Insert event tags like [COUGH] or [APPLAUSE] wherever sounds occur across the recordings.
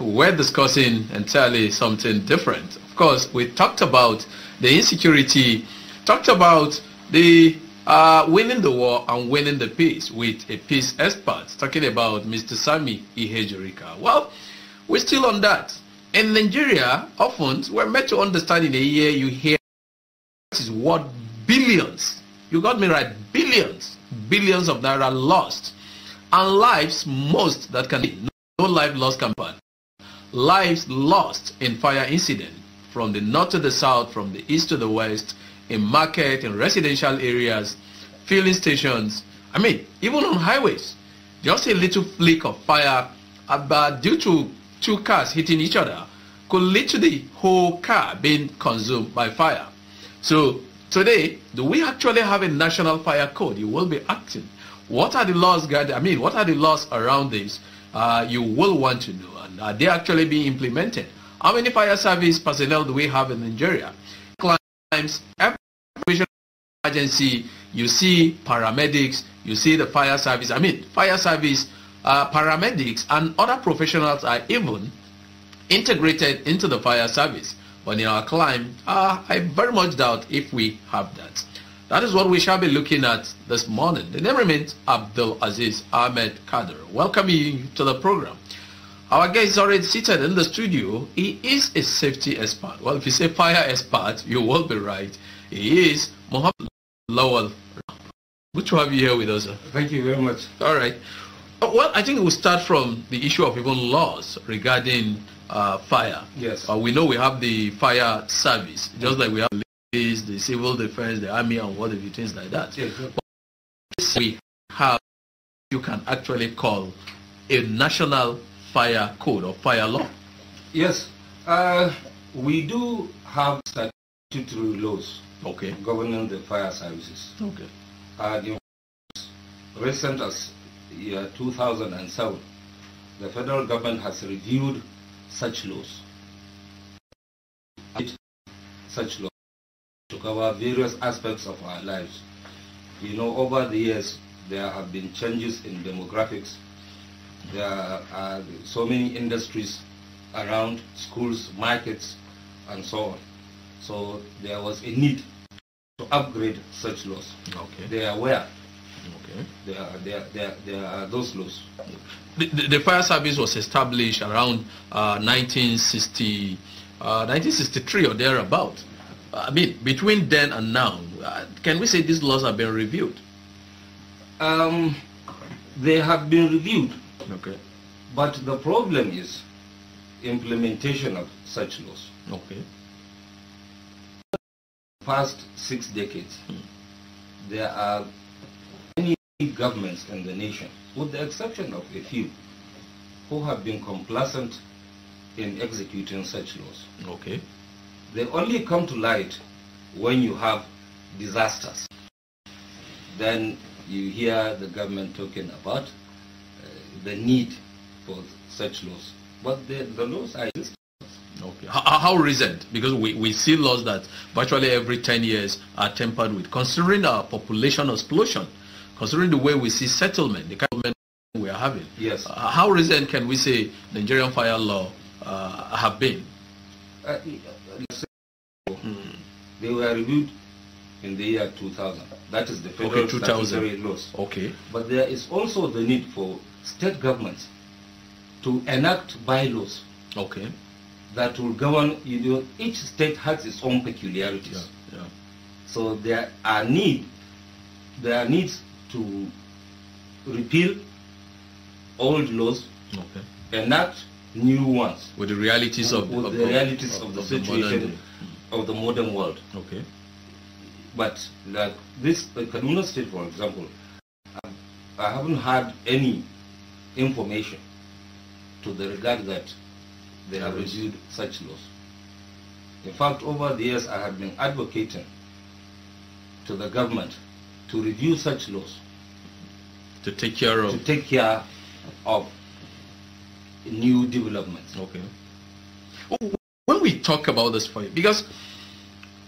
We're discussing entirely something different. Of course, we talked about the insecurity, talked about the uh, winning the war and winning the peace with a peace expert, talking about Mr. Sami Ihejurika. Well, we're still on that. In Nigeria, often we're meant to understand in a year you hear this is what billions, you got me right, billions, billions of naira lost and lives most that can be. No life lost can be lives lost in fire incident from the north to the south, from the east to the west, in market, in residential areas, filling stations, I mean, even on highways. Just a little flick of fire about uh, due to two cars hitting each other could lead to the whole car being consumed by fire. So today, do we actually have a national fire code? You will be asking. What are the laws, guide? I mean, what are the laws around this? Uh, you will want to know. Are uh, they actually being implemented? How many fire service personnel do we have in Nigeria? Climbs every emergency, you see paramedics, you see the fire service. I mean, fire service, uh, paramedics, and other professionals are even integrated into the fire service. But in our climb, uh, I very much doubt if we have that. That is what we shall be looking at this morning. The name remains Abdul Aziz Ahmed Kader. Welcome you to the program. Our guest is already seated in the studio. He is a safety expert. Well, if you say fire expert, you will be right. He is Mohammed Lawal. Good to have you here with us. Sir. Thank you very much. All right. Uh, well, I think we'll start from the issue of even laws regarding uh, fire. Yes. Uh, we know we have the fire service, just like we have police, the civil defense, the army, and whatever things like that. Yes. But we have you can actually call a national fire code or fire law? Yes, uh, we do have statutory laws okay. governing the fire services. Okay. Uh, the recent as year 2007, the federal government has reviewed such laws. Such laws to cover various aspects of our lives. You know, over the years, there have been changes in demographics there are uh, so many industries around schools, markets, and so on. So there was a need to upgrade such laws. Okay. They are aware. Okay. There are, there, there, there are those laws. The, the, the, fire service was established around uh, 1960, uh, 1963 or thereabout. I mean, between then and now, uh, can we say these laws have been reviewed? Um, they have been reviewed Okay. But the problem is implementation of such laws. Okay. Past six decades, hmm. there are many governments in the nation, with the exception of a few, who have been complacent in executing such laws. Okay. They only come to light when you have disasters. Then you hear the government talking about the need for such laws. But the, the laws are existing. Okay. How, how, recent? Because we, we see laws that virtually every 10 years are tempered with. Considering our population explosion, considering the way we see settlement, the kind of we are having. Yes. Uh, how recent can we say Nigerian fire law uh, have been? Uh, uh They were reviewed in the year 2000. That is the federal okay, 2000. laws. Okay. But there is also the need for state governments to enact bylaws okay. that will govern, you know, each state has its own peculiarities. Yeah, yeah. So there are need, there are needs to repeal old laws, okay. enact new ones. With the realities of, with of the, realities of, of the of situation of the modern world. Okay. But like this, the Kaduna State, for example, I haven't had any information to the regard that they have reviewed such laws. In fact, over the years I have been advocating to the government to review such laws. To take care of? To take care of new developments. Okay. When we talk about this point, because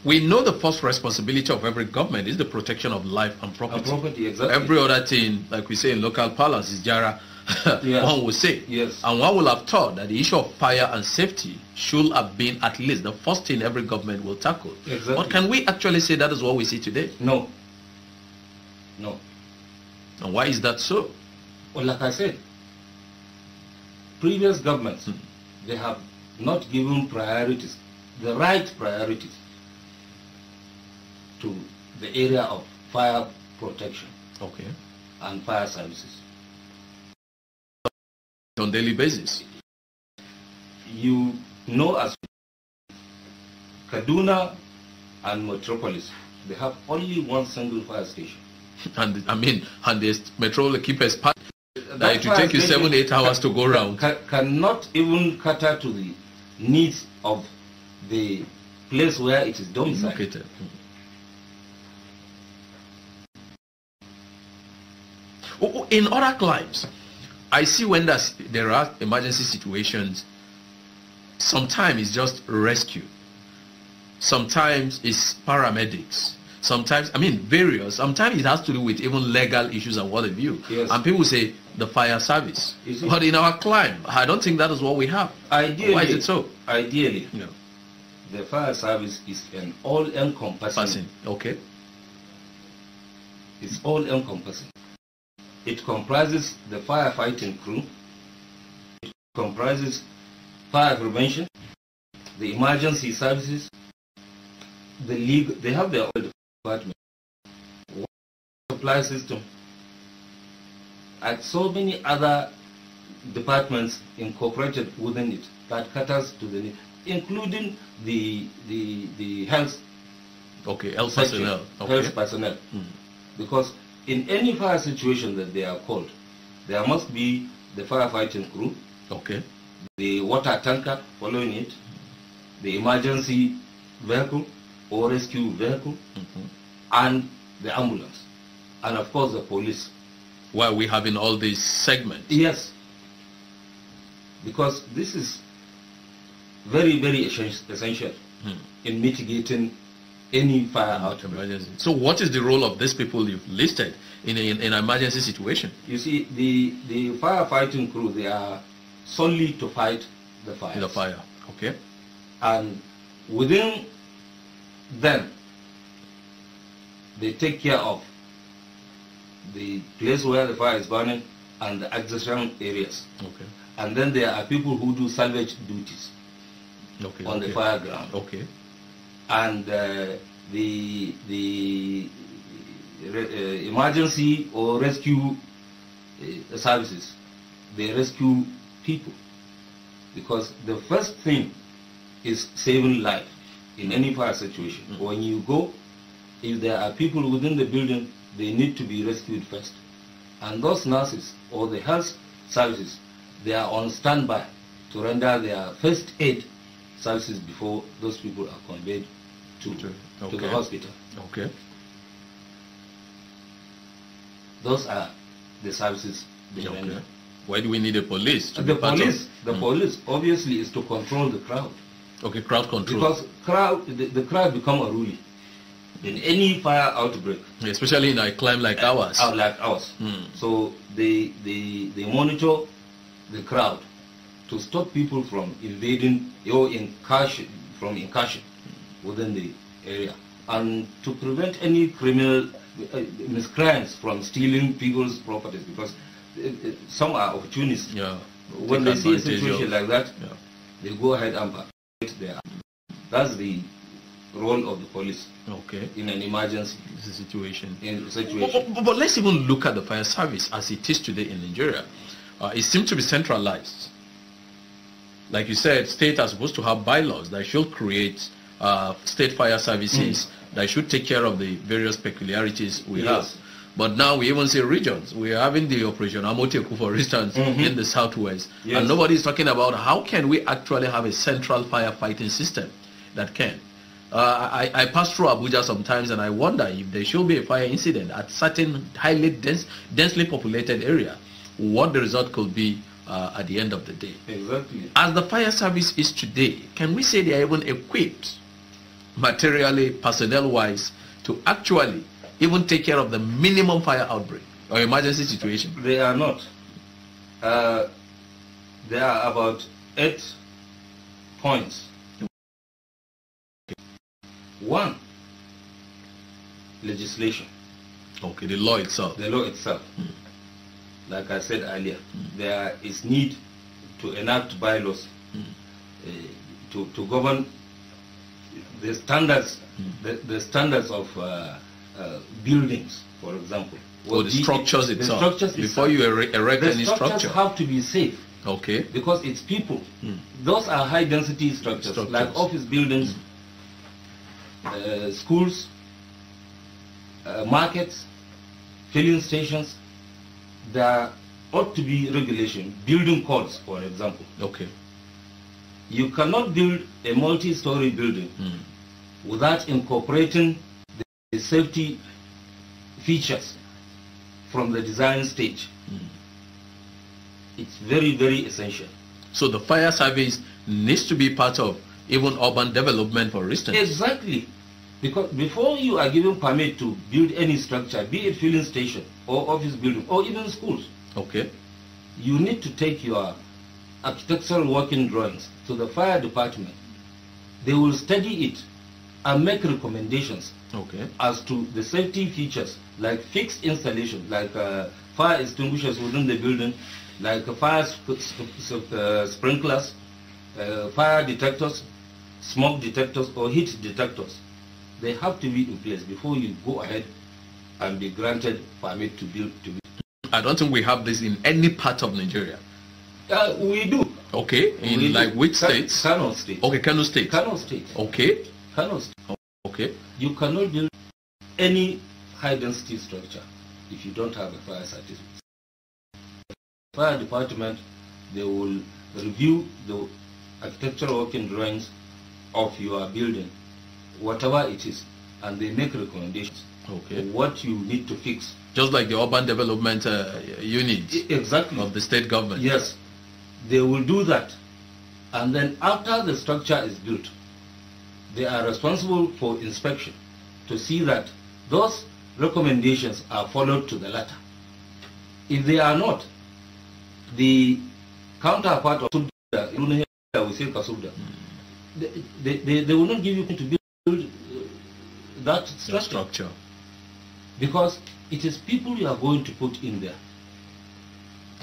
we know the first responsibility of every government is the protection of life and property. property exactly. Every other thing, like we say in local parlance, is jara. [LAUGHS] yes. one will say. Yes. And one will have thought that the issue of fire and safety should have been at least the first thing every government will tackle. Exactly. But can we actually say that is what we see today? No. No. And why is that so? Well, like I said, previous governments, -hmm. they have not given priorities, the right priorities to the area of fire protection okay. and fire services. On daily basis? You know as Kaduna and Metropolis, they have only one single fire station. [LAUGHS] And I mean, and the Metropolis keepers part that it will take you seven, eight hours can, to go around. Can, cannot even cater to the needs of the place where it is domiciled. Oh, oh, in other climes, I see when there are emergency situations, sometimes it's just rescue. Sometimes it's paramedics. Sometimes, I mean, various. Sometimes it has to do with even legal issues and what have you. Yes. And people say the fire service. But in our climb, I don't think that is what we have. Ideally. Why is it so? Ideally. No. The fire service is an all-encompassing. Okay. It's all-encompassing. It comprises the firefighting crew, it comprises fire prevention, the emergency services, the legal, they have their own department, water supply system, and so many other departments incorporated within it that caters to the need, including the, the, the health Okay, health personnel. Okay. Health personnel. Mm Because in any fire situation that they are called, there must be the firefighting crew, okay, the water tanker following it, the emergency vehicle or rescue vehicle, mm -hmm. and the ambulance, and of course the police. Why are we having all these segments? Yes, because this is very, very essential hmm. in mitigating any fire outbreak. Emergency. So what is the role of these people you've listed in, in, an emergency situation? You see, the, the firefighting crew, they are solely to fight the fire. The fire, okay. And within them, they take care of the place where the fire is burning and the adjacent areas. Okay. And then there are people who do salvage duties okay, on okay. the fire ground. Okay and uh, the the uh, emergency or rescue uh, services. They rescue people because the first thing is saving life in any fire situation. Mm -hmm. When you go, if there are people within the building, they need to be rescued first. And those nurses or the health services, they are on standby to render their first aid services before those people are conveyed to, okay. to the hospital. Okay. Those are the services they okay. render. Why do we need a police? the police, of, the mm. police, obviously, is to control the crowd. Okay, crowd control. Because crowd, the, the crowd become a rule in any fire outbreak. Especially in a climb like uh, ours. Out like ours. Mm. So they, they, they monitor the crowd to stop people from invading or incursion, from incursion within the area and to prevent any criminal uh, miscreants from stealing people's properties because uh, uh, some are opportunists. Yeah. When they see a situation of, like that, yeah. they go ahead and perpetrate there. That's the role of the police. Okay. In an emergency. situation. In situation. But, but, but, let's even look at the fire service as it is today in Nigeria. Uh, it seems to be centralized. Like you said, states are supposed to have bylaws that should create uh, state fire services mm. that should take care of the various peculiarities we yes. have. But now we even say regions. We are having the operation Amoteku, for instance, mm -hmm. in the southwest. Yes. And nobody is talking about how can we actually have a central firefighting system that can. Uh, I, I, pass through Abuja sometimes and I wonder if there should be a fire incident at certain highly dense, densely populated area, what the result could be uh, at the end of the day. Exactly. As the fire service is today, can we say they are even equipped materially, personnel-wise, to actually even take care of the minimum fire outbreak or emergency situation? They are not. Uh, there are about eight points. One, legislation. Okay, the law itself. The law itself. Mm. Like I said earlier, mm. there is need to enact bylaws mm. uh, to, to govern the standards, the, the, standards of uh, uh, buildings, for example. Or the, the structures the, itself. Structures Before itself, you erect any structure. structures have to be safe. Okay. Because it's people. Mm. Those are high density structures, structures. like office buildings, mm. uh, schools, uh, markets, filling stations. There ought to be regulation, building codes, for example. Okay. You cannot build a multi-story building mm. without incorporating the, the, safety features from the design stage. Mm. It's very, very essential. So the fire service needs to be part of even urban development, for instance. Exactly. Because before you are given permit to build any structure, be it filling station or office building or even schools, okay, you need to take your architectural working drawings to the fire department. They will study it and make recommendations okay. as to the safety features like fixed installation, like uh, fire extinguishers within the building, like fire sp sp uh, sprinklers, uh, fire detectors, smoke detectors or heat detectors. They have to be in place before you go ahead and be granted permit to build. To build. I don't think we have this in any part of Nigeria. Uh, we do. Okay, in we like do. which states? Kano State. Okay, Kano State. Kano State. Okay. Kano State. Okay. You cannot build any high density structure if you don't have a fire certificate. Fire department, they will review the architectural working drawings of your building, whatever it is, and they make recommendations. Okay. What you need to fix. Just like the urban development uh, unit. Exactly. Of the state government. Yes. They will do that. And then after the structure is built, they are responsible for inspection to see that those recommendations are followed to the letter. If they are not, the counterpart of Subda, we say Kasubda, they, they, they will not give you to build uh, that structure. structure. Because it is people you are going to put in there.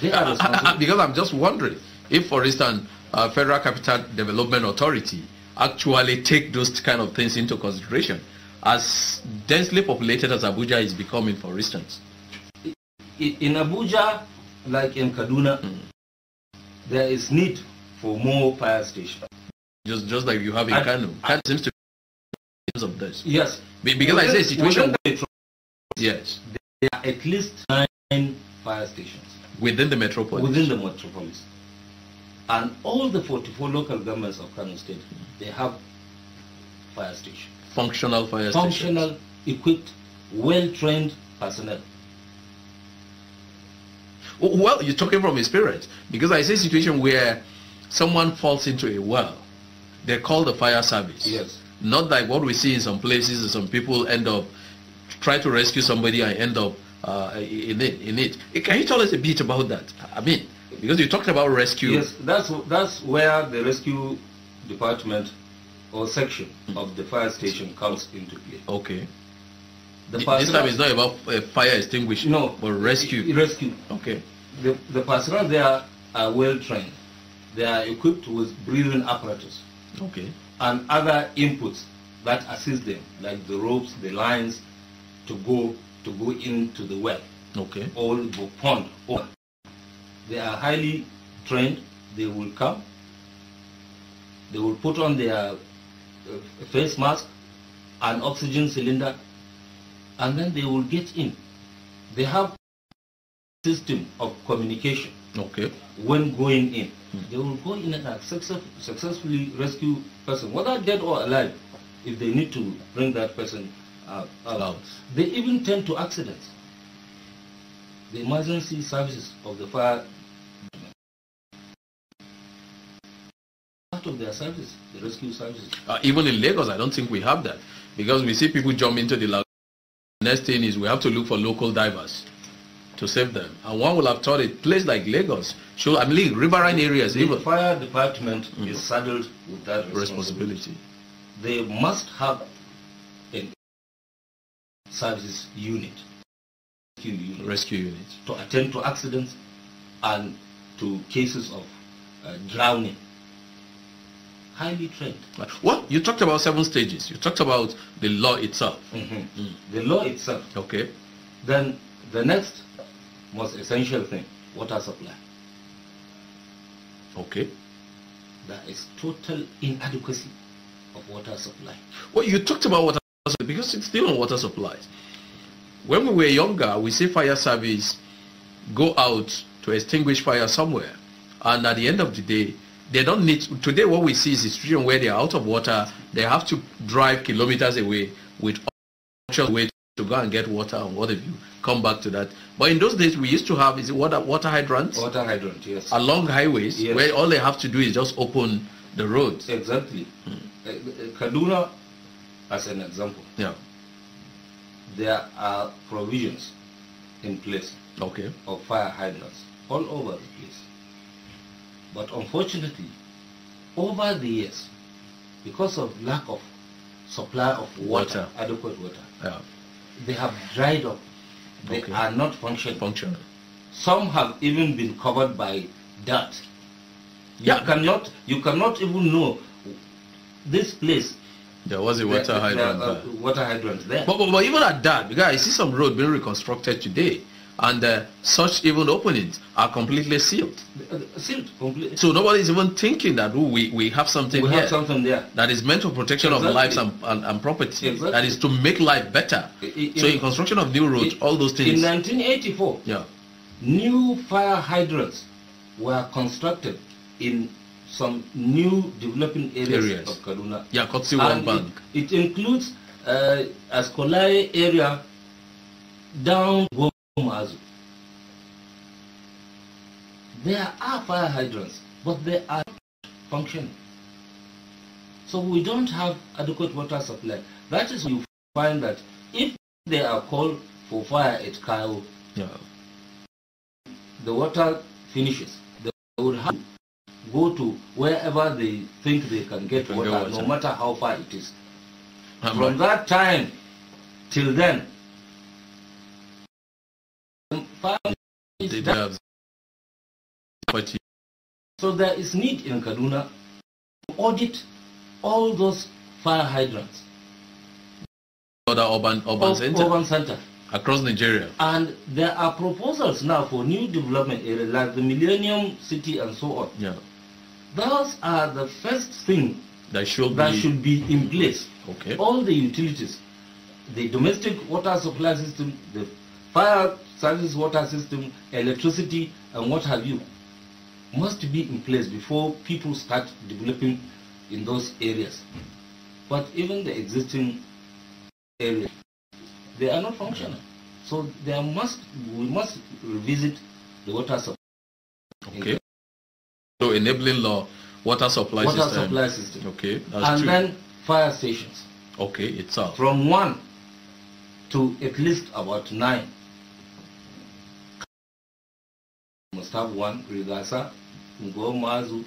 Ah, ah, ah, because I'm just wondering if, for instance, uh, Federal Capital Development Authority actually take those kind of things into consideration, as densely populated as Abuja is becoming, for instance. In Abuja, like in Kaduna, mm. there is need for more fire stations. Just, just like you have in Kaduna. Kano. Kano seems to be of this. Yes. Because I say situation. Yes. There are at least nine fire stations. Within the metropolis? Within the metropolis. And all the 44 local governments of Kano State, they have fire station. Functional fire Functional, equipped, well-trained personnel. Well, you're talking from experience because I see a situation where someone falls into a well. They call the fire service. Yes. Not like what we see in some places, some people end up try to rescue somebody and end up uh, in it. In it. Eh, can you tell us a bit about that? I mean, because you talked about rescue. Yes, that's that's where the rescue department or section of the fire station comes into play. Okay. The this time is not about uh, fire extinguishing. No, but rescue. Eh, rescue. Okay. The the personnel there are well trained. They are equipped with breathing apparatus. Okay. And other inputs that assist them, like the ropes, the lines, to go to go into the well. Okay. All the pond. Or they are highly trained. They will come. They will put on their uh, face mask, an oxygen cylinder, and then they will get in. They have system of communication. Okay. When going in, hmm. they will go in and success, successfully rescue person, whether dead or alive, if they need to bring that person uh, out. They even tend to accidents. The emergency services of the fire part of their service, the rescue services. Uh, even in Lagos, I don't think we have that because we see people jump into the lagoon. Next thing is we have to look for local divers to save them. And one will have thought a place like Lagos, should, I believe, mean, riverine areas. The even. fire department mm -hmm. is mm-hmm. saddled with that responsibility. responsibility. They must have Services Unit, rescue unit, rescue unit, to attend to accidents and to cases of uh, drowning. Highly trained. What you talked about seven stages. You talked about the law itself. Mm -hmm. mm. The law itself. Okay. Then the next most essential thing, water supply. Okay. That is total inadequacy of water supply. Well, you talked about water because it's still on water supplies. When we were younger, we say fire service, go out to extinguish fire somewhere. And at the end of the day, they don't need, to, today what we see is a situation where they are out of water, they have to drive kilometers away with options way to go and get water and what have you. Come back to that. But in those days, we used to have, is it water, water hydrants? Water hydrant, yes. Along highways, yes. where all they have to do is just open the roads. Exactly. Hmm. Eh, eh, Kaduna as an example. Yeah. There are provisions in place okay. of fire hydrants all over the place. But unfortunately, over the years, because of lack of supply of water, water. adequate water, yeah. they have dried up. They okay. are not functioning. functional. Some have even been covered by dirt. You cannot you cannot even know this place there was a water the, hydrant. The, uh, there. Water hydrant there. But, but, but, even at that, because I see some road being reconstructed today, and uh, such even openings are completely sealed. Uh, sealed completely. So nobody is even thinking that oh, we we have something we here. Have something there that is meant for protection exactly. of lives and, and, and property. Exactly. That is to make life better. In, so in construction of new roads, in, all those things. In 1984, yeah, new fire hydrants were constructed in some new developing areas, areas. of Kaduna. Yeah, One Bank. It, it includes uh, Askolai area down Gomazu. There are fire hydrants, but they are functioning. So we don't have adequate water supply. That is you find that if they are called for fire at Kyle, yeah. the water finishes. They would have go to wherever they think they can get water, water, no matter how far it is. I'm From right. that time till then, so there is need in Kaduna to audit all those fire hydrants. Other urban urban center. Urban center across Nigeria. And there are proposals now for new development areas like the Millennium City and so on. Yeah. Those are the first thing that should, that be, should be in place. Okay. All the utilities, the domestic water supply system, the fire service water system, electricity, and what have you, must be in place before people start developing in those areas. But even the existing areas, they are not functional. So there must we must revisit the water supply. Okay. So enabling law, water supply water system. supply system. Okay, And true. then fire stations. Okay, itself. From one to at least about nine. Must have one Rigasa, Ngomazu,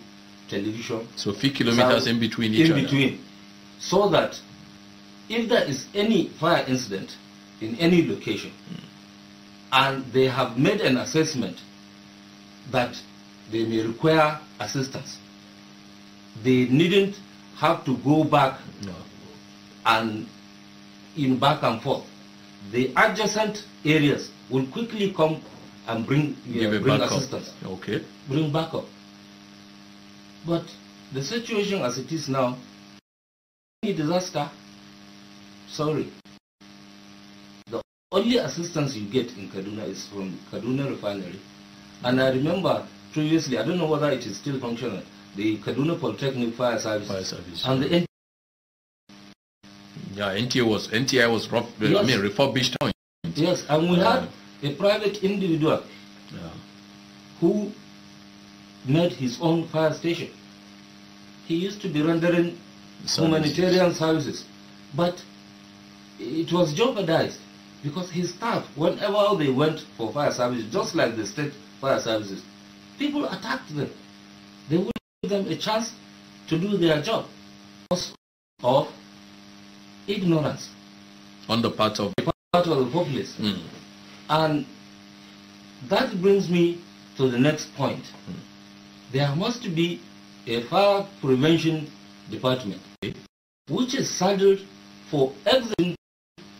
television. So few kilometers in between each other. in other. between. So that if there is any fire incident in any location mm. and they have made an assessment that they may require assistance. They needn't have to go back no. and in back and forth. The adjacent areas will quickly come and bring, uh, bring assistance. Okay. Bring backup. But the situation as it is now, any disaster, sorry. The only assistance you get in Kaduna is from Kaduna Refinery. And I remember previously, I don't know whether it is still functional, the Kaduna Polytechnic Fire Service, Fire Service and the yeah, NTI was NTI was rough, yes. I mean, refurbished. Yes, and we yeah. had a private individual yeah. who made his own fire station. He used to be rendering services. humanitarian services, but it was jeopardized because his staff, whenever they went for fire service, just like the state fire services, people attacked them. They would give them a chance to do their job because of ignorance. On the part of the part of the populace. Mm. And that brings me to the next point. Mm. There must be a fire prevention department which is saddled for execution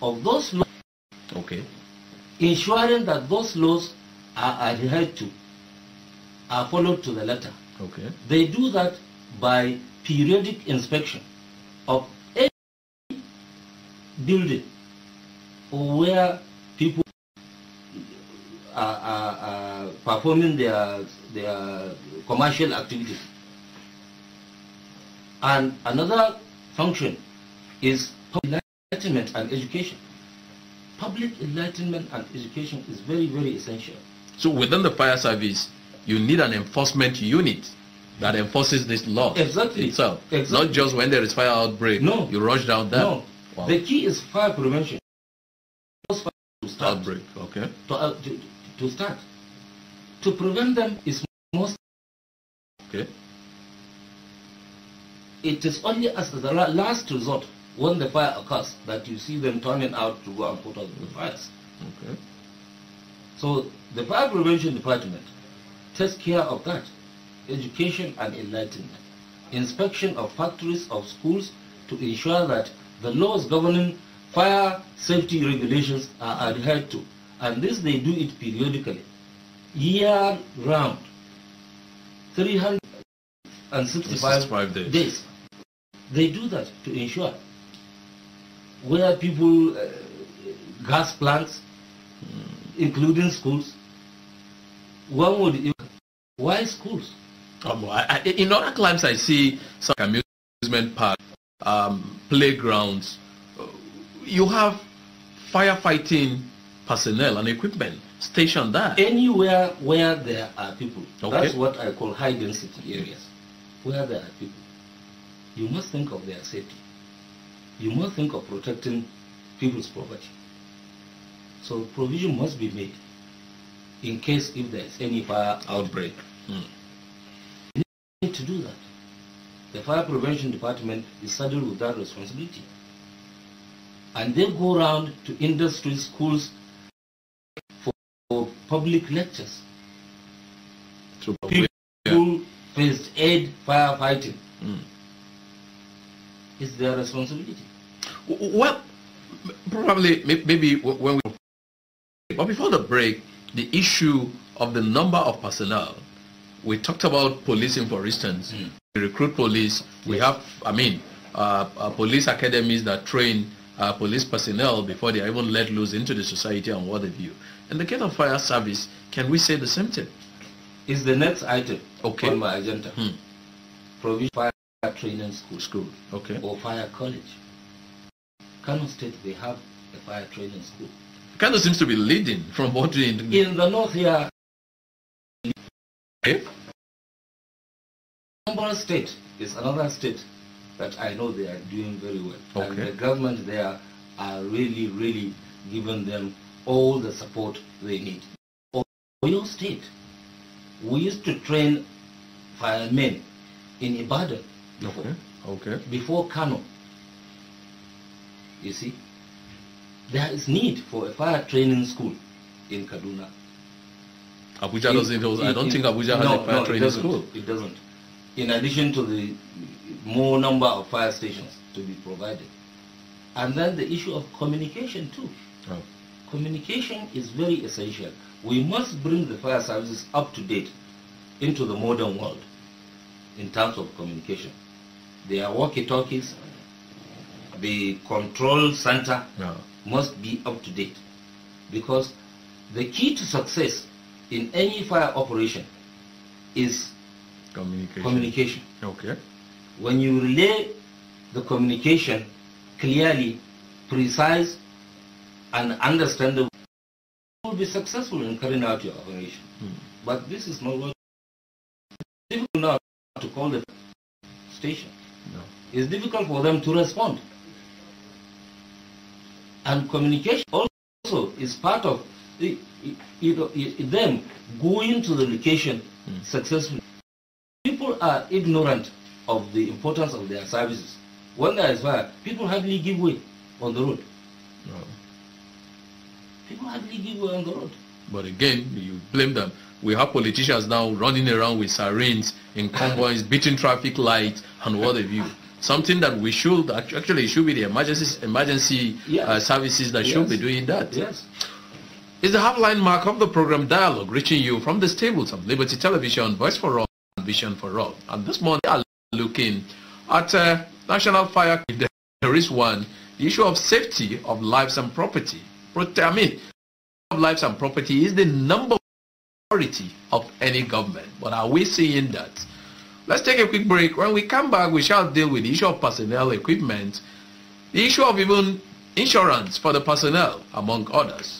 of those laws. Okay. Ensuring that those laws are adhered to are followed to the letter. Okay. They do that by periodic inspection of any building where people are, are, are performing their, their commercial activities. And another function is enlightenment and education. Public enlightenment and education is very, very essential. So within the fire service, you need an enforcement unit that enforces this law exactly. itself. Exactly. Not just when there is fire outbreak. No. You rush down there. No. Wow. The key is fire prevention. Fire to start. Outbreak. Okay. To, uh, to, to, start. To prevent them is most. Okay. It is only as the last resort when the fire occurs that you see them turning out to go and put out the fires. Okay. So the fire prevention department takes care of that. Education and enlightenment. Inspection of factories, of schools to ensure that the laws governing fire safety regulations are adhered to. And this they do it periodically, year round, 365 days. days. They do that to ensure where people, uh, gas plants, including schools, one would why schools? Um, I, I, in other climes, I see some amusement parks, um, playgrounds. Uh, you have firefighting personnel and equipment stationed there. Anywhere where there are people. Okay. That's what I call high density areas. Where there are people. You must think of their safety. You must think of protecting people's property. So provision must be made in case if there is any fire outbreak. Mm. need to do that. The fire prevention department is saddled with that responsibility. And they go around to industry schools, for, for public lectures. To People yeah. first aid, firefighting. Mm. It's their responsibility. Well, probably, maybe when we... But before the break, the issue of the number of personnel we talked about policing, for instance. Mm. We recruit police. We have, I mean, uh, uh, police academies that train uh, police personnel before they are even let loose into the society and what have you. In the case of fire service, can we say the same thing? Is the next item okay. on my agenda. Hmm. Provision fire training school. School, okay. Or fire college. Kano State, they have a fire training school. Kano seems to be leading from what we... In the north here, Okay? Eh? Lombard state is another state that I know they are doing very well. Okay. And the government there are really, really giving them all the support they need. For Oyo State, we used to train firemen in Ibadan before. Okay. okay. Before Kano. You see? There is need for a fire training school in Kaduna. Abuja it, doesn't. It, I don't it, think Abuja has no, a fire no, training school. It doesn't. In addition to the more number of fire stations to be provided, and then the issue of communication too. Oh. Communication is very essential. We must bring the fire services up to date into the modern world in terms of communication. There are walkie-talkies. The control center no. must be up to date because the key to success in any fire operation is communication. communication. Okay. When you relay the communication clearly, precise, and understandable, you will be successful in carrying out your operation. Hmm. But this is not what it's difficult now to call the station. No. It's difficult for them to respond. And communication also is part of you know, them going to the location mm. successfully. People are ignorant of the importance of their services. When there is fire, people hardly give way on the road. No. People hardly give way on the road. But again, you blame them. We have politicians now running around with sirens in [LAUGHS] convoys, beating traffic lights, and what have you. Something that we should actually should be the emergency emergency yes. uh, services that yes. should be doing that. Yes is the half-line mark of the program Dialogue, reaching you from the stables of Liberty Television, Voice for All, Vision for All. And this morning, we are looking at uh, National Fire. If There is one, the issue of safety of lives and property. I mean, of lives and property is the number priority of any government. But are we seeing that? Let's take a quick break. When we come back, we shall deal with the issue of personnel equipment, the issue of even insurance for the personnel, among others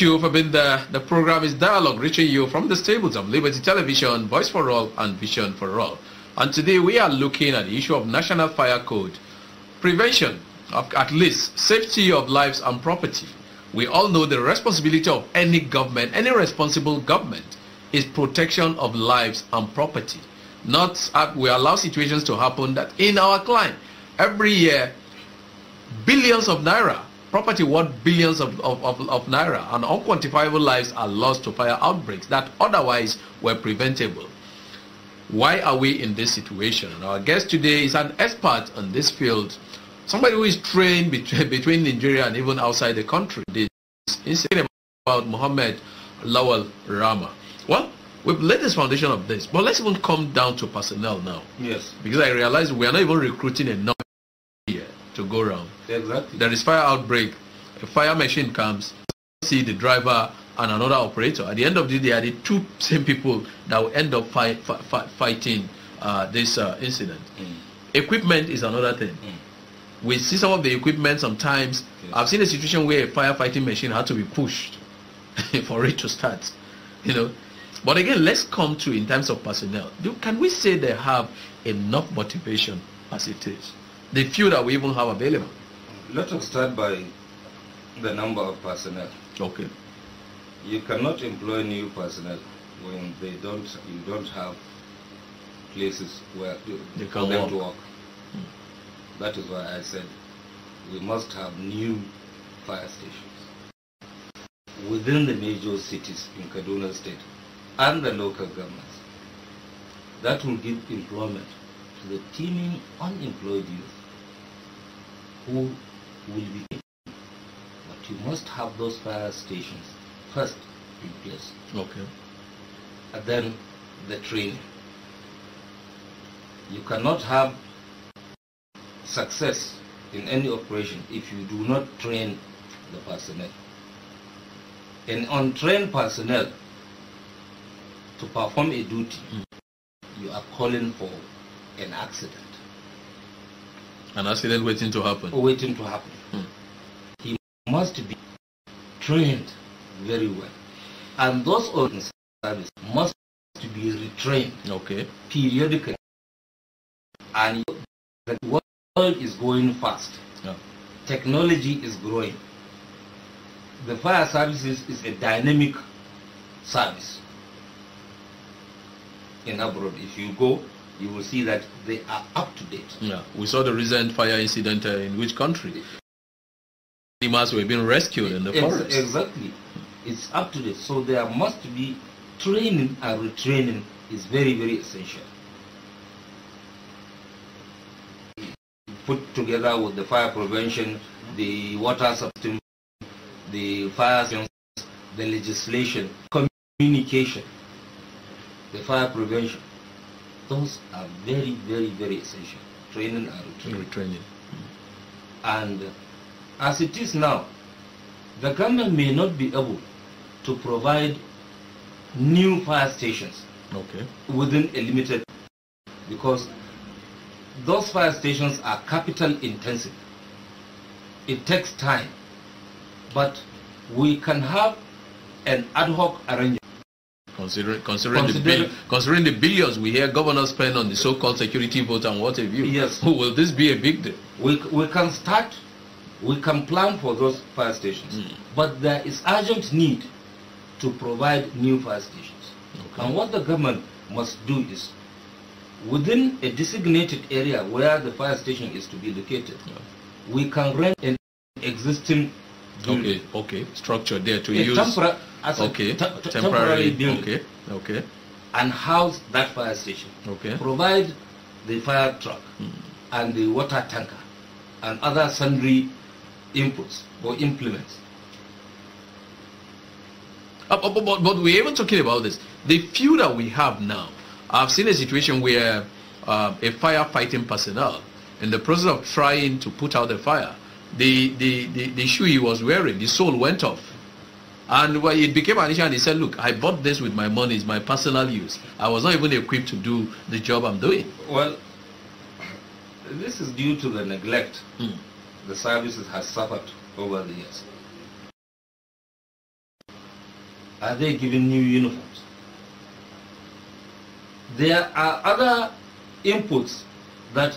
you for being there. the program is Dialogue, reaching you from the stables of Liberty Television, Voice for All and Vision for All. And today we are looking at the issue of National Fire Code, prevention of at least safety of lives and property. We all know the responsibility of any government, any responsible government, is protection of lives and property. Not uh, we allow situations to happen that in our client every year billions of naira property worth billions of, of, of, of naira and unquantifiable lives are lost to fire outbreaks that otherwise were preventable. Why are we in this situation? And our guest today is an expert on this field, somebody who is trained between, [LAUGHS] between Nigeria and even outside the country. This is about Muhammad Lawal Rama. Well, we've laid this foundation of this, but let's even come down to personnel now. Yes. Because I realize we are not even recruiting enough here to go around. Exactly. There is fire outbreak. A fire machine comes. See the driver and another operator. At the end of the day, are the two same people that will end up fight, fight, fighting uh, this uh, incident. Mm. Equipment is another thing. Mm. We see some of the equipment sometimes. Yes. I've seen a situation where a firefighting machine had to be pushed [LAUGHS] for it to start. You know, but again, let's come to in terms of personnel. Do, can we say they have enough motivation as it is? The few that we even have available. Let us start by the number of personnel. Okay. You cannot employ new personnel when they don't you don't have places where they for them walk. to work. Hmm. That is why I said we must have new fire stations within the major cities in Kaduna State and the local governments. That will give employment to the teeming unemployed youth who will be taken. But you must have those fire stations first in place. Okay. And then the training. You cannot have success in any operation if you do not train the personnel. An untrained personnel to perform a duty, mm. you are calling for an accident. An accident waiting to happen. Waiting to happen. Hmm. He must be trained very well. And those on service must be retrained okay. periodically. And the world is going fast. Yeah. Technology is growing. The fire services is a dynamic service in abroad. If you go, you will see that they are up to date. Yeah, we saw the recent fire incident uh, in which country? Animals were being rescued in the Ex forest. Exactly. It's up to date. So there must be training and retraining is very, very essential. Put together with the fire prevention, the water system, the fire the legislation, communication, the fire prevention those are very, very, very essential. Training and retraining. retraining. And as it is now, the government may not be able to provide new fire stations okay. within a limited because those fire stations are capital intensive. It takes time, but we can have an ad hoc arrangement. Considering, considering, the, considering the billions we hear governors spend on the so-called security vote and what have you, yes. [LAUGHS] will this be a big deal? We, we can start, we can plan for those fire stations, mm. but there is urgent need to provide new fire stations. Okay. And what the government must do is, within a designated area where the fire station is to be located, yeah. we can rent an existing Okay, okay. Structure there to a use as okay. Temporarily. temporary, building. Okay. Okay. And house that fire station. Okay. Provide the fire truck mm. and the water tanker and other sundry inputs or implements. Uh, but, but, but we're even talking about this. The few that we have now, I've seen a situation where uh, a firefighting personnel, in the process of trying to put out the fire, the, the, the, the shoe he was wearing, the sole went off. And it became an issue and he said, look, I bought this with my money, it's my personal use. I was not even equipped to do the job I'm doing. Well, this is due to the neglect mm. the services has suffered over the years. Are they giving new uniforms? There are other inputs that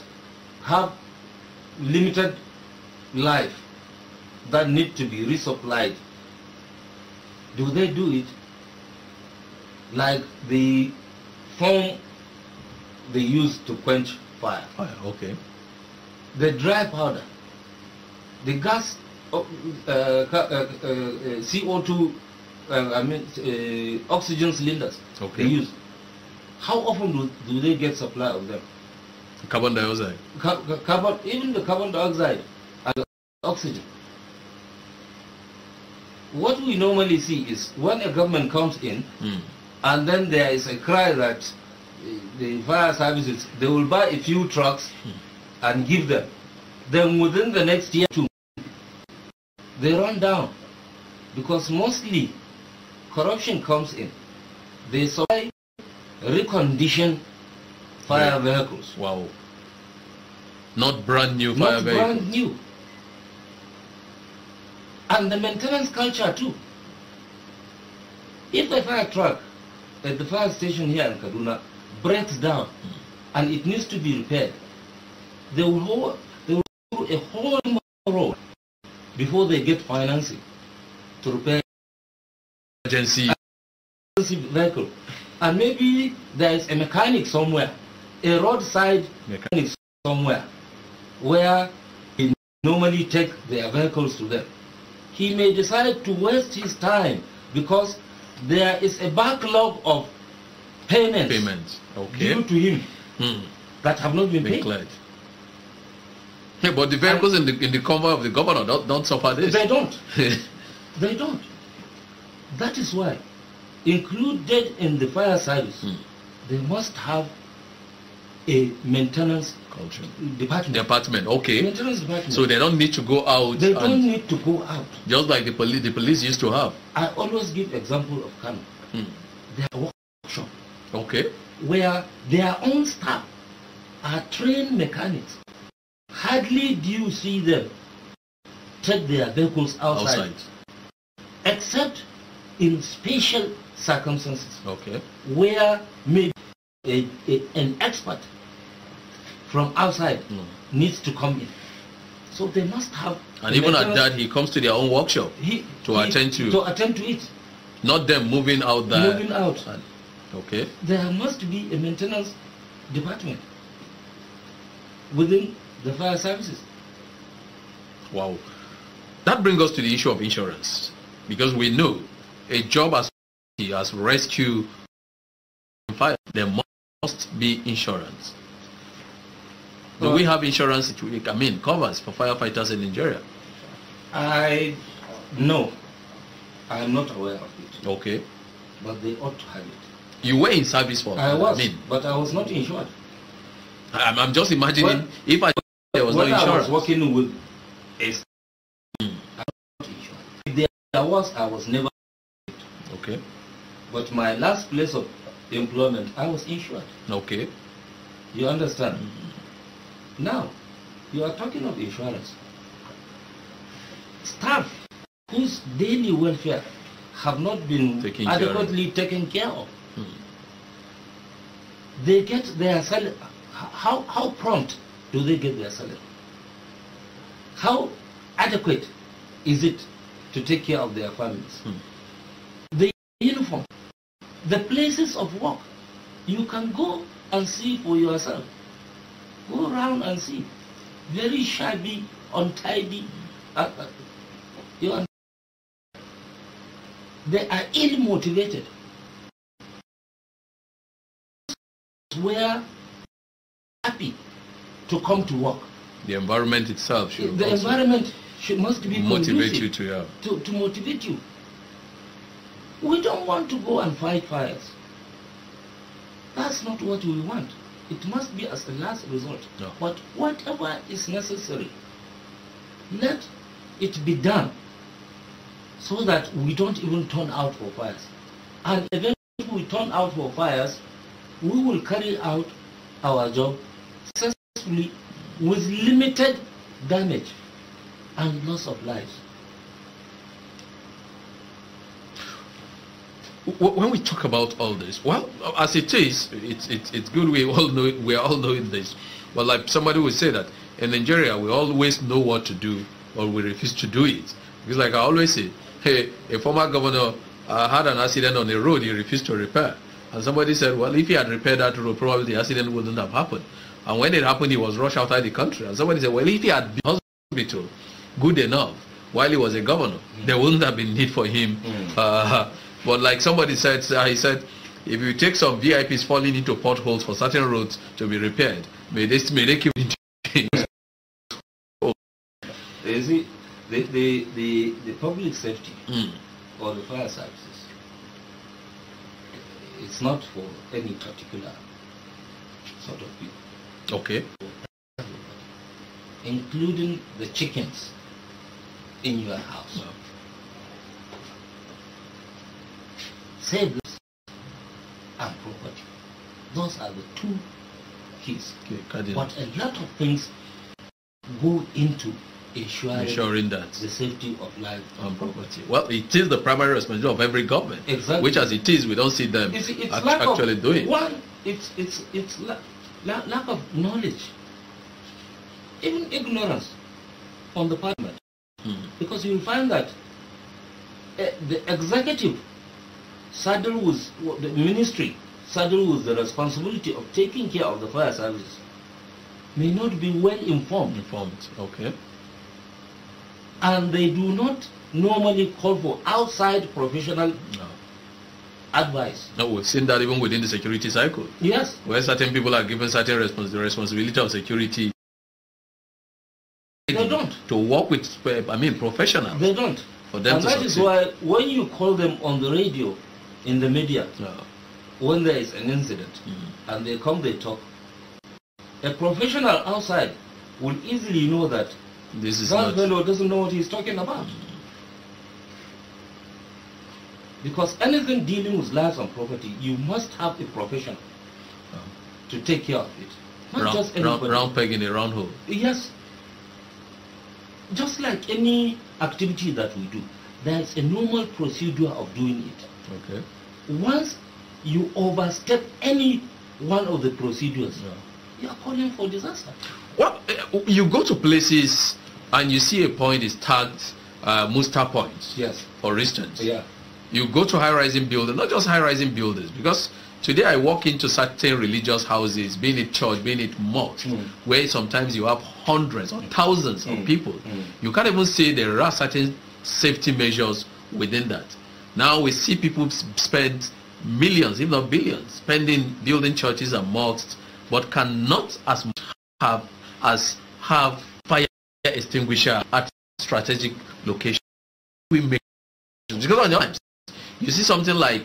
have limited life that need to be resupplied do they do it like the foam they use to quench fire? Oh, okay. The dry powder, the gas, oh, uh, uh, uh, uh, CO2, I mean uh, oxygen cylinders okay. they use. How often do, do they get supply of them? Carbon dioxide. Ca carbon, even the carbon dioxide and oxygen what we normally see is when a government comes in, mm. and then there is a cry that eh, the fire services they will buy a few trucks mm. and give them. Then within the next year two, they run down because mostly corruption comes in. They supply reconditioned fire yeah. vehicles. Wow. Not brand new fire Not vehicles. Brand new. And the maintenance culture too. If the fire truck at the fire station here in Kaduna breaks down and it needs to be repaired, they will, hold, they will go a whole road before they get financing to repair emergency vehicle. And maybe there is a mechanic somewhere, a roadside mechanic somewhere, where they normally take their vehicles to them he may decide to waste his time because there is a backlog of payments, payments. Okay. due to him hmm. that have not been Declared. paid. Yeah, but the vehicles in the in the convoy of the governor don't, don't suffer this. They don't. [LAUGHS] they don't. That is why, included in the fire service, hmm. they must have a maintenance culture department. Department, okay. Maintenance department. So they don't need to go out. They don't need to go out. Just like the police, the police used to have. I always give example of Kano. Hmm. are workshop. Okay. Where their own staff are trained mechanics. Hardly do you see them take their vehicles outside, outside. except in special circumstances. Okay. Where maybe a, a, an expert from outside hmm. needs to come in. So they must have. And even at that, he comes to their own workshop he, to he, attend to. To attend to it. Not them moving out there. Moving out. And, okay. There must be a maintenance department within the fire services. Wow. That brings us to the issue of insurance because we know a job as as rescue fire, there must must be insurance. Do we have insurance? I mean, covers for firefighters in Nigeria. I no, I'm not aware of it. Okay, but they ought to have it. You were in service for. I was, I mean. but I was not insured. I'm, I'm just imagining well, if I there was no insurance. I was working with a mm. If there was, I was never. Okay. But my last place of employment, I was insured. Okay. You understand? Mm -hmm. Now, you are talking of insurance. Staff whose daily welfare have not been taking adequately care taken care of. Mm -hmm. They get their salary. How, how prompt do they get their salary? How adequate is it to take care of their families? Mm -hmm. The uniform the places of work. You can go and see for yourself. Go around and see. Very shabby, untidy. Uh, uh, you They are ill motivated. Where happy to come to work. The environment itself should. The environment should must be motivate you to, yeah. to to motivate you. We don't want to go and fight fires. That's not what we want. It must be as a last resort. No. But whatever is necessary, let it be done so that we don't even turn out for fires. And even if we turn out for fires, we will carry out our job successfully with limited damage and loss of lives. when we talk about all this, well, as it is, it's, it's, it's good we all know it, we are all knowing this. But like somebody would say that in Nigeria, we always know what to do, or we refuse to do it. Because like I always say, hey, a former governor uh, had an accident on a road he refused to repair. And somebody said, well, if he had repaired that road, probably the accident wouldn't have happened. And when it happened, he was rushed outside the country. And somebody said, well, if he had been hospital good enough while he was a governor, there wouldn't have been need for him mm. uh, but like somebody said, uh, he said, if you take some VIPs falling into potholes for certain roads to be repaired, may they, may they keep oh. You see, the, the, the, the public safety mm. or the fire services, it's not for any particular sort of people. Okay. Including the chickens in your house. service and property. Those are the two keys. Okay, but a lot of things go into ensuring, ensuring that the safety of life and, and property. property. Well, it is the primary responsibility of every government. Exactly. Which, as it is, we don't see them it's, it's act actually of, doing. One, it's it's it's la la lack of knowledge, even ignorance, on the parliament, -hmm. because you find that uh, the executive Saddle with the ministry, Saddle with the responsibility of taking care of the fire service, may not be well informed. Informed, okay. And they do not normally call for outside professional no. advice. No, we've seen that even within the security cycle. Yes. Where certain people are given certain respons- the responsibility of security. They don't. To work with, I mean, professionals. They don't. For them and that is why when you call them on the radio, in the media, yeah. when there is an incident mm. and they come, they talk, a professional outside will easily know that this is that fellow doesn't know what he's talking about. Mm. Because anything dealing with lives and property, you must have a professional to take care of it. Not round, just anybody. Round, round peg in a round hole. Yes. Just like any activity that we do, there is a normal procedure of doing it. Okay. Once you overstep any one of the procedures, yeah. you are calling for disaster. Well, eh, you go to places and you see a point is tagged uh, muster points. Yes. For instance. Yeah. You go to high-rising buildings, not just high-rising buildings, because today I walk into certain religious houses, being it church, being it mosque, mm. where sometimes you have hundreds or hmm. thousands mm. of hmm. people. Mm. You can't even say there are certain safety measures within that. Now we see people spend millions, if not billions, spending building churches and mosques, but cannot as much have as have fire extinguisher at strategic location. We make because on your times you see something like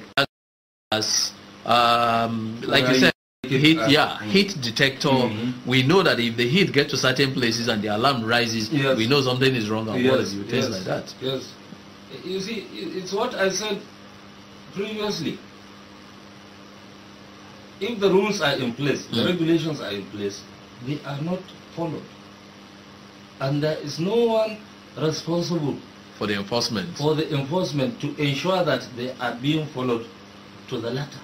as um, like you said heat uh, yeah heat detector mm -hmm. we know that if the heat gets to certain places and the alarm rises yes. we know something is wrong and yes. what is it yes. like that yes you see, it's what I said previously. If the rules are in place, the hmm. regulations are in place, they are not followed. And there is no one responsible for the enforcement. For the enforcement to ensure that they are being followed to the letter.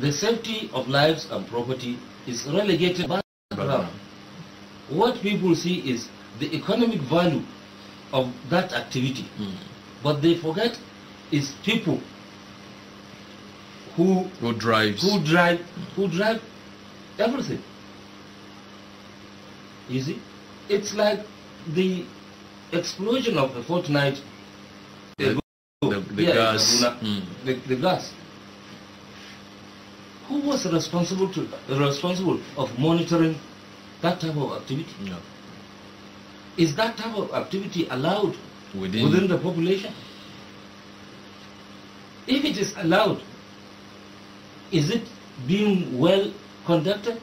The safety of lives and property is relegated background. What people see is the economic value of that activity. Mm. But they forget is people who who drives who drive who drive everything. You see, it's like the explosion of the fortnight the, the, the yeah, gas. Mm. The, the, gas. Who was responsible to, responsible of monitoring that type of activity? Is that type of activity allowed within, within the population? If it is allowed, is it being well conducted?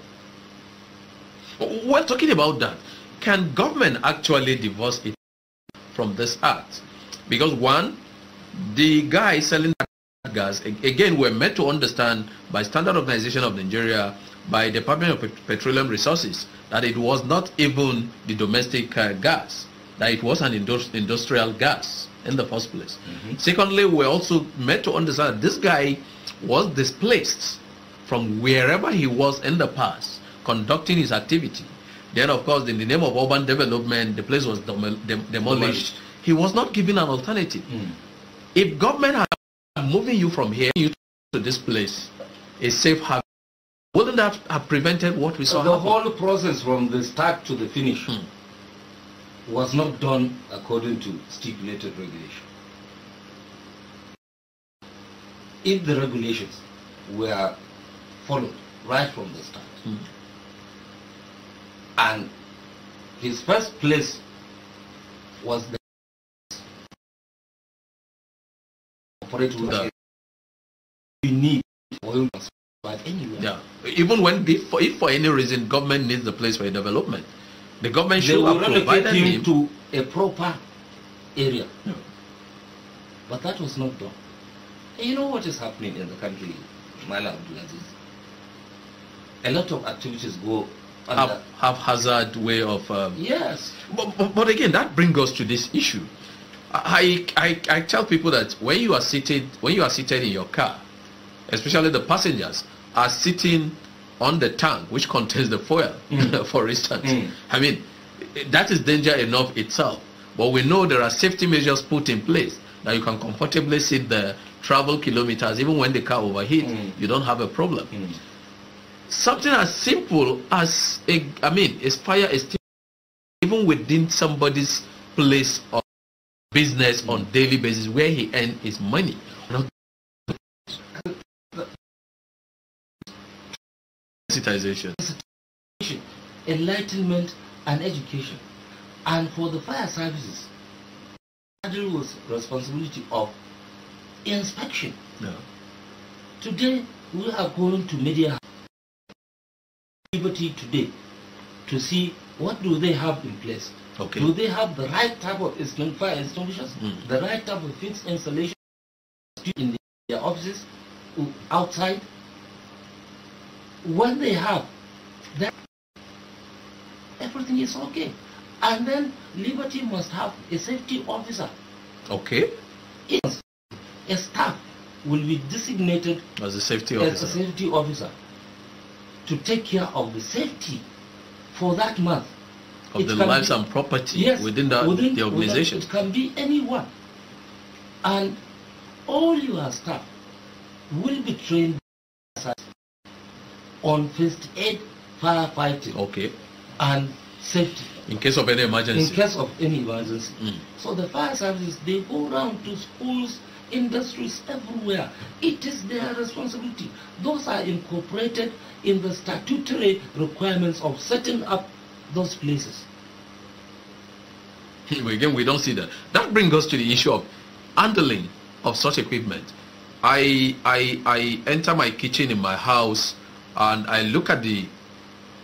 Well, talking about that, can government actually divorce it from this act? Because one, the guy selling gas, again, we're meant to understand by Standard Organization of Nigeria by Department of Petroleum Resources that it was not even the domestic uh, gas, that it was an industrial gas in the first place. Mm -hmm. Secondly, we also made to understand that this guy was displaced from wherever he was in the past, conducting his activity. Then, of course, in the name of urban development, the place was dem dem demolished. He was not given an alternative. Mm. If government are moving you from here you to this place, a safe haven wouldn't that have prevented what we saw? The happen? whole process from the start to the finish hmm. was not done according to stipulated regulation. If the regulations were followed right from the start, hmm. and his first place was the operate we need oil but anyway. Yeah. Even when, if for, if for any reason government needs the place for development, the government should have provided him, him to a proper area. Yeah. But that was not done. And you know what is happening in the country, Mala Abdulaziz? A lot of activities go under. Have, haphazard way of. Um, yes. But, but, but again, that brings us to this issue. I, I, I tell people that when you are seated when you are seated in your car, especially the passengers, are sitting on the tank which contains the fuel, mm. [LAUGHS] for instance. Mm. I mean, that is danger enough itself. But we know there are safety measures put in place that you can comfortably sit the travel kilometers, even when the car overheats, mm. you don't have a problem. Mm. Something as simple as, a, I mean, a fire is even within somebody's place of business on daily basis where he earns his money Sensitization. Enlightenment and education. And for the fire services, it was responsibility of inspection. Today, we are going to media liberty today to see what do they have in place. Okay. Do they have the right type of fire extinguishers, mm. the right type of fixed installation in their offices, outside, when they have that, everything is okay. And then Liberty must have a safety officer. Okay. Yes, a staff will be designated as a safety officer. As a safety officer to take care of the safety for that month. Of it the lives be, and property yes, within, that, within the organization. Within, it can be anyone. And all your staff will be trained on first aid, firefighting okay. and safety. In case of any emergency? In case of any emergency. Mm. So the fire services they go around to schools, industries, everywhere. It is their responsibility. Those are incorporated in the statutory requirements of setting up those places. Hmm, again, we don't see that. That brings us to the issue of handling of such equipment. I, I, I enter my kitchen in my house and I look at the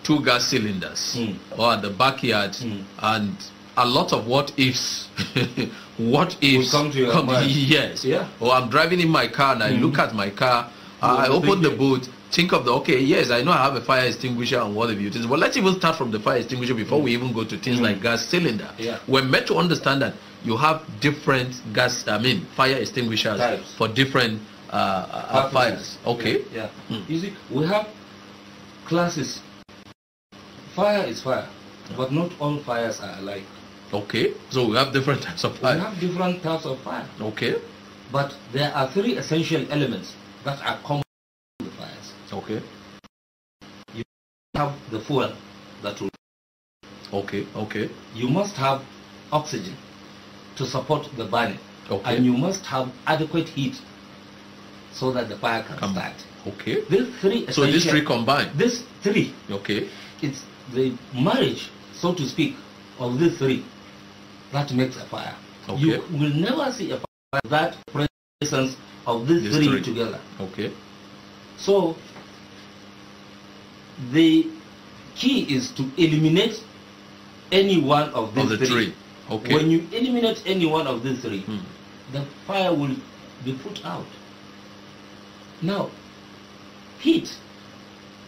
two gas cylinders mm. or at the backyard mm. and a lot of what ifs [LAUGHS] what ifs come to your come, [LAUGHS] yes yeah or oh, i'm driving in my car and i mm. look at my car i open the boot think of the okay yes i know i have a fire extinguisher and what have beauties. but let's even start from the fire extinguisher before we hmm. even go to things like hmm. gas cylinder yeah. we're meant to understand that you have different gas i mean fire extinguishers Types. for different uh, uh, uh fires. Okay. Yeah. yeah. Mm. You see, we have classes. Fire is fire, yeah. but not all fires are alike. Okay. So we have different types of fire. We have different types of fire. Okay. But there are three essential elements that are common to fires. Okay. You have the fuel that will. Okay. Okay. You must have oxygen to support the burning. Okay. And you must have adequate heat so that the fire can Come. start. Okay. These three. So these three combined. These three. Okay. It's the marriage, so to speak, of these three that makes a fire. Okay. You will never see a fire that presence of these, three, three together. Okay. So the key is to eliminate any one of these of the three. three. Okay. When you eliminate any one of these three, hmm. the fire will be put out. Now, heat.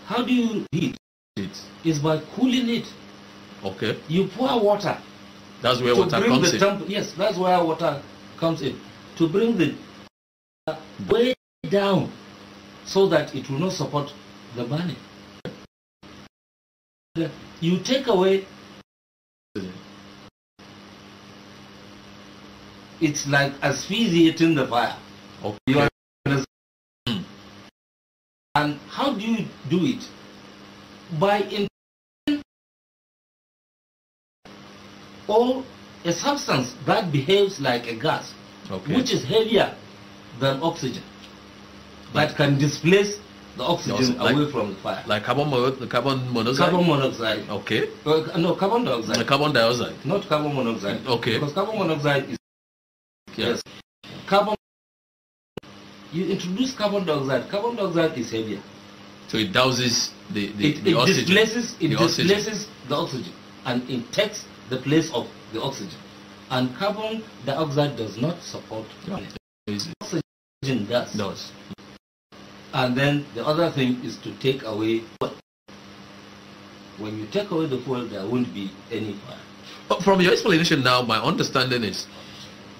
How do you heat it? Is by cooling it. Okay. You pour water. That's where water comes in. yes, that's where water comes in. To bring the way down so that it will not support the burning. You take away it's like asphyxiating the fire. Okay. do it by introducing or a substance that behaves like a gas, okay. which is heavier than oxygen, but can displace the oxygen no, like, away from the fire. Like carbon, carbon monoxide? Carbon monoxide. Okay. Uh, no, carbon dioxide. the carbon dioxide. Not carbon monoxide. Okay. Because carbon monoxide is... Yes. yes. Carbon... You introduce carbon dioxide. Carbon dioxide is heavier. So it douses the, the, it, the it oxygen. Displaces, it the displaces oxygen. the oxygen and it takes the place of the oxygen. And carbon dioxide does not support yeah. Oxygen does. does. And then the other thing is to take away fuel. When you take away the fuel, there won't be any fire. But from your explanation now, my understanding is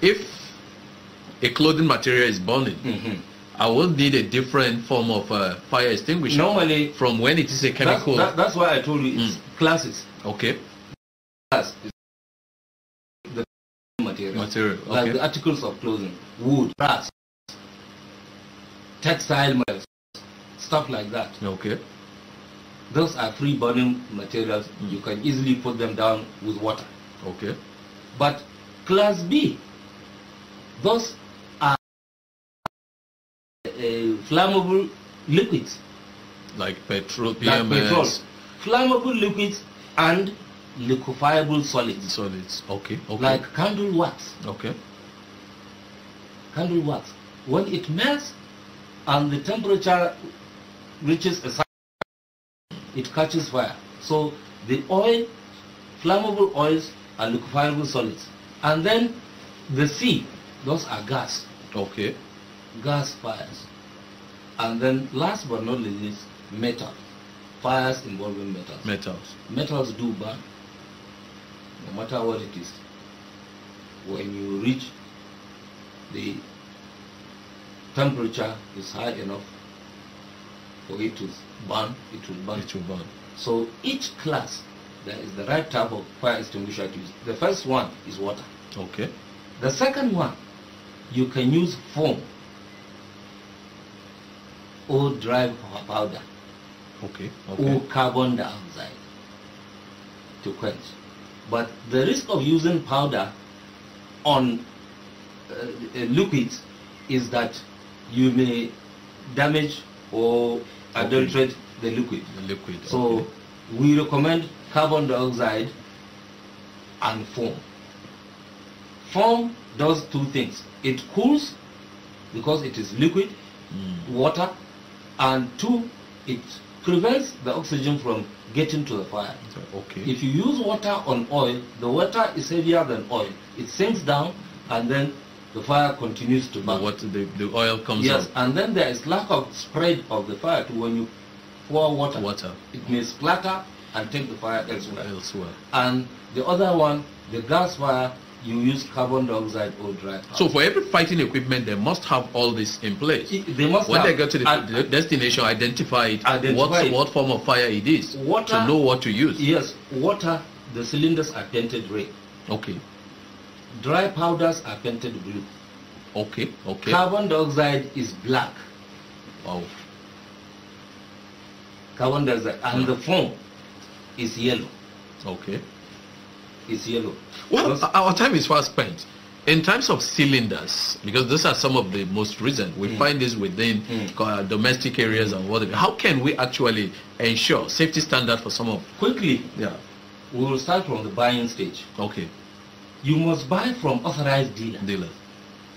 if a clothing material is burning, mm -hmm I will need a different form of uh, fire extinguisher. Normally, from when it is a chemical. That's, that, that's why I told you it's mm. classes. Okay. Class is the material. Material. Okay. Like the articles of clothing, wood, brass, textile materials, stuff like that. Okay. Those are free burning materials. Mm. You can easily put them down with water. Okay. But class B, those flammable liquids. Like petrol, PMS. Like petrol. Flammable liquids and liquefiable solids. Solids, okay. okay. Like candle wax. Okay. Candle wax. When it melts and the temperature reaches a certain, it catches fire. So the oil, flammable oils are liquefiable solids. And then the sea, those are gas. Okay gas fires. And then last but not least, metal. Fires involving metals. Metals. Metals do burn, no matter what it is. When you reach the temperature is high enough for it to burn, it will burn. It will burn. So each class, there is the right type of fire extinguisher to use. The first one is water. Okay. The second one, you can use foam or dry powder okay, okay. or carbon dioxide to quench. But the risk of using powder on uh, uh liquids is that you may damage or adulterate the liquid. The liquid. So okay. we recommend carbon dioxide and foam. Foam does two things. It cools because it is liquid, mm. water and two, it prevents the oxygen from getting to the fire. Okay. If you use water on oil, the water is heavier than oil. It sinks down and then the fire continues to burn. What, the, the oil comes Yes, out. and then there is lack of spread of the fire to when you pour water. Water. It may splatter and take the fire elsewhere. Elsewhere. And the other one, the gas fire, you use carbon dioxide or dry powder. So for every fighting equipment, they must have all this in place. they must when have, they get to the destination, identify, it, what, it. what form of fire it is water, to know what to use. Yes, water, the cylinders are painted red. Okay. Dry powders are painted blue. Okay, okay. Carbon dioxide is black. Wow. Carbon dioxide and mm. the foam is yellow. Okay is yellow. Well, our time is well spent. In terms of cylinders, because these are some of the most recent, we mm. find this within mm. domestic areas and whatever. How can we actually ensure safety standard for some of? Quickly, yeah, we will start from the buying stage. Okay, you must buy from authorized dealer, dealer,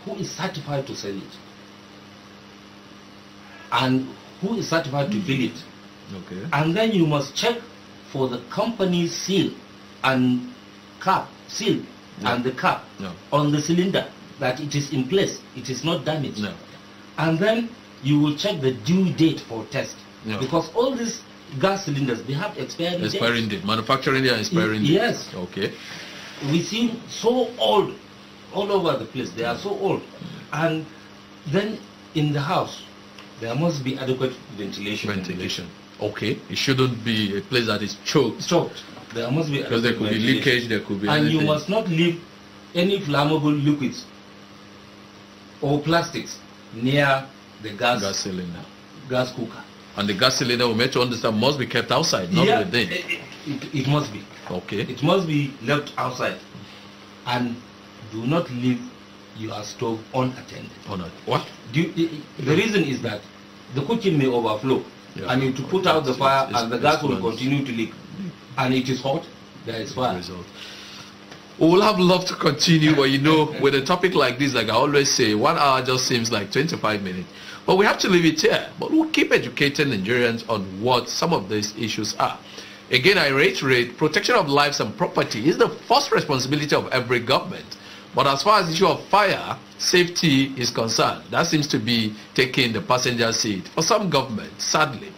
who is certified to sell it, and who is certified mm. to build it. Okay, and then you must check for the company's seal and cap seal and the cap on the cylinder that it is in place, it is not damaged. And then you will check the due date for test because all these gas cylinders they have expiring expiring date. date. Manufacturing date and expiring date. Yes. Okay. We see so old all over the place. They are so old, and then in the house there must be adequate ventilation. Ventilation. Okay. It shouldn't be a place that is choked. Choked. There must be because there could be leakage. There could be and anything. you must not leave any flammable liquids or plastics near the gas, gas cylinder, gas cooker. And the gas cylinder, we make you understand, must be kept outside, not yeah, within. It, it, it must be. Okay. It must be left outside, and do not leave your stove unattended. oh, no. what? You, the, the reason is that the cooking may overflow, yeah. and you to put out the fire, it's, it's, and the gas will continue to leak and it is hot. That is why. Result. We would have loved to continue, but you know, [LAUGHS] with a topic like this, like I always say, one hour just seems like 25 minutes. But we have to leave it here. But we'll keep educating Nigerians on what some of these issues are. Again, I reiterate, protection of lives and property is the first responsibility of every government. But as far as the issue of fire safety is concerned, that seems to be taking the passenger seat for some governments, sadly.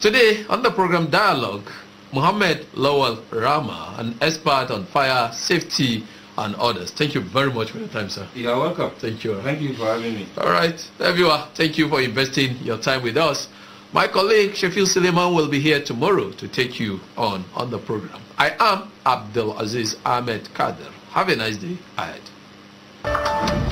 Today, on the program Dialogue, Mohammed Lawal Rama, an expert on fire safety and others. Thank you very much for your time, sir. You're welcome. Thank you. Thank you for having me. All right. everyone. Thank you for investing your time with us. My colleague Sheffield Suleiman will be here tomorrow to take you on on the program. I am Abdul Aziz Ahmed Kader. Have a nice day ahead.